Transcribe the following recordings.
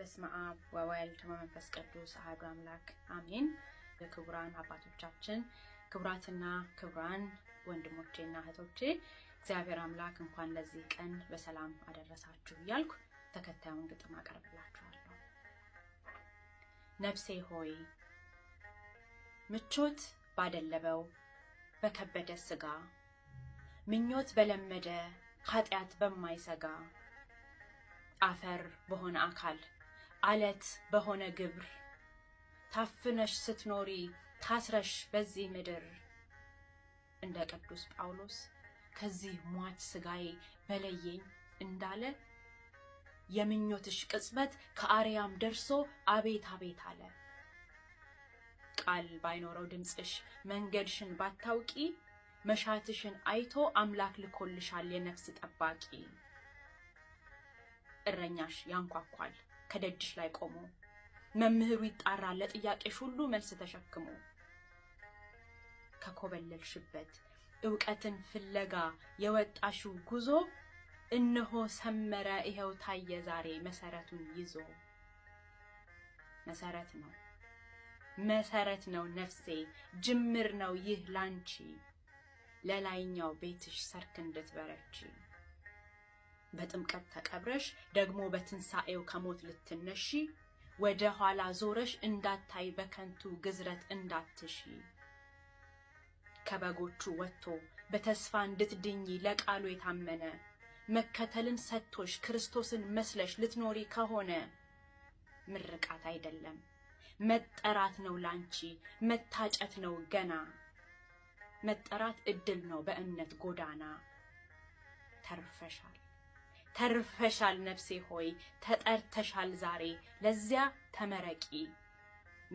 በስመ አብ ወወልድ ወመንፈስ ቅዱስ አሐዱ አምላክ አሜን። የክቡራን አባቶቻችን፣ ክቡራትና ክቡራን ወንድሞቼና እህቶቼ እግዚአብሔር አምላክ እንኳን ለዚህ ቀን በሰላም አደረሳችሁ እያልኩ ተከታዩን ግጥም አቀርብላችኋለሁ። ነፍሴ ሆይ ምቾት ባደለበው በከበደ ስጋ ምኞት በለመደ ኃጢአት በማይሰጋ አፈር በሆነ አካል አለት በሆነ ግብር ታፍነሽ ስትኖሪ ታስረሽ በዚህ ምድር እንደ ቅዱስ ጳውሎስ ከዚህ ሟች ስጋዬ በለየኝ እንዳለ የምኞትሽ ቅጽበት ከአርያም ደርሶ አቤት አቤት አለ። ቃል ባይኖረው ድምፅሽ መንገድሽን ባታውቂ መሻትሽን አይቶ አምላክ ልኮልሻል የነፍስ ጠባቂ። እረኛሽ ያንኳኳል ከደጅሽ ላይ ቆሞ መምህሩ ይጣራል ለጥያቄሽ ሁሉ መልስ ተሸክሞ። ከኮበለልሽበት እውቀትን ፍለጋ የወጣሽው ጉዞ እነሆ ሰመረ ይኸው ታየ ዛሬ መሰረቱን ይዞ። መሰረት ነው መሰረት ነው ነፍሴ ጅምር ነው ይህ ላንቺ ለላይኛው ቤትሽ ሰርክ እንድትበረች። በጥምቀት ተቀብረሽ ደግሞ በትንሣኤው ከሞት ልትነሺ ወደ ኋላ ዞረሽ እንዳታይ በከንቱ ግዝረት እንዳትሺ ከበጎቹ ወጥቶ በተስፋ እንድትድኚ ለቃሉ የታመነ መከተልን ሰጥቶሽ ክርስቶስን መስለሽ ልትኖሪ ከሆነ ምርቃት አይደለም መጠራት ነው ላንቺ መታጨት ነው ገና መጠራት እድል ነው በእምነት ጎዳና ተርፈሻል። ተርፈሻል ነፍሴ ሆይ ተጠርተሻል ዛሬ ለዚያ ተመረቂ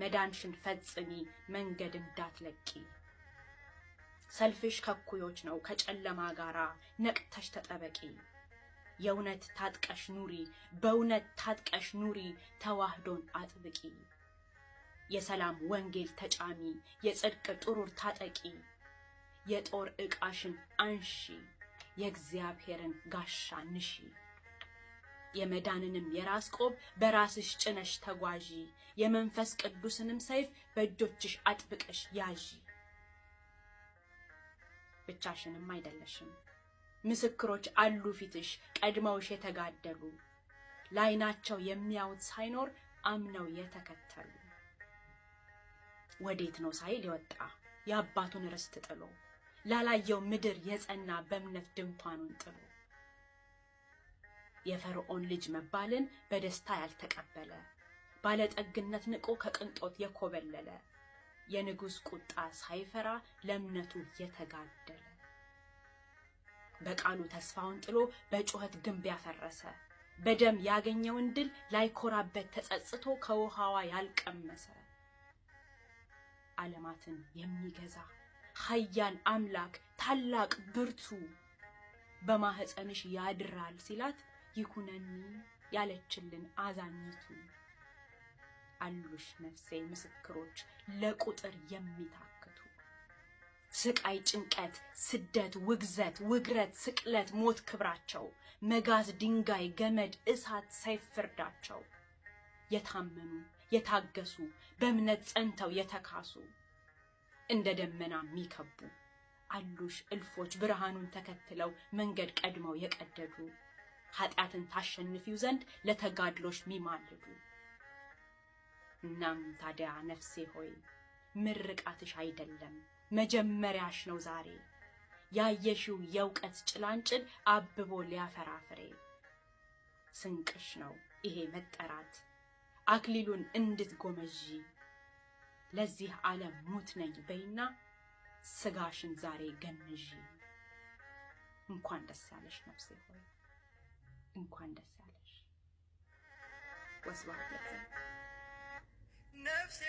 መዳንሽን ፈጽሚ መንገድ እንዳትለቂ። ሰልፍሽ ከኩዮች ነው ከጨለማ ጋራ ነቅተሽ ተጠበቂ። የእውነት ታጥቀሽ ኑሪ በእውነት ታጥቀሽ ኑሪ ተዋህዶን አጥብቂ። የሰላም ወንጌል ተጫሚ የጽድቅ ጥሩር ታጠቂ የጦር ዕቃሽን አንሺ። የእግዚአብሔርን ጋሻ ንሺ፣ የመዳንንም የራስ ቆብ በራስሽ ጭነሽ ተጓዢ፣ የመንፈስ ቅዱስንም ሰይፍ በእጆችሽ አጥብቀሽ ያዢ። ብቻሽንም አይደለሽም፣ ምስክሮች አሉ ፊትሽ ቀድመውሽ የተጋደሉ ላይናቸው የሚያዩት ሳይኖር አምነው የተከተሉ ወዴት ነው ሳይል የወጣ የአባቱን ርስት ጥሎ ላላየው ምድር የጸና በእምነት ድንኳኑን ጥሎ የፈርዖን ልጅ መባልን በደስታ ያልተቀበለ ባለጠግነት ንቆ ከቅንጦት የኮበለለ የንጉሥ ቁጣ ሳይፈራ ለእምነቱ የተጋደለ በቃሉ ተስፋውን ጥሎ በጩኸት ግንብ ያፈረሰ በደም ያገኘውን ድል ላይኮራበት ተጸጽቶ ከውሃዋ ያልቀመሰ ዓለማትን የሚገዛ ሀያል አምላክ ታላቅ ብርቱ በማህፀንሽ ያድራል ሲላት ይኩነኒ ያለችልን አዛኝቱ አሉሽ ነፍሴ ምስክሮች ለቁጥር የሚታክቱ ስቃይ፣ ጭንቀት፣ ስደት፣ ውግዘት፣ ውግረት፣ ስቅለት፣ ሞት ክብራቸው መጋዝ፣ ድንጋይ፣ ገመድ፣ እሳት፣ ሳይፍርዳቸው የታመኑ የታገሱ በእምነት ጸንተው የተካሱ እንደ ደመና የሚከቡ አሉሽ እልፎች ብርሃኑን ተከትለው መንገድ ቀድመው የቀደዱ ኃጢአትን ታሸንፊው ዘንድ ለተጋድሎሽ ሚማልዱ። እናም ታዲያ ነፍሴ ሆይ ምርቃትሽ አይደለም መጀመሪያሽ ነው ዛሬ ያየሽው የእውቀት ጭላንጭል አብቦ ሊያፈራፍሬ ስንቅሽ ነው ይሄ መጠራት አክሊሉን እንድትጎመዢ ለዚህ ዓለም ሙት ነኝ በይና ስጋሽን ዛሬ ገንዢ። እንኳን ደስ አለሽ ነፍሴ ሆይ እንኳን ደስ አለሽ። ወስብሐት ነፍሴ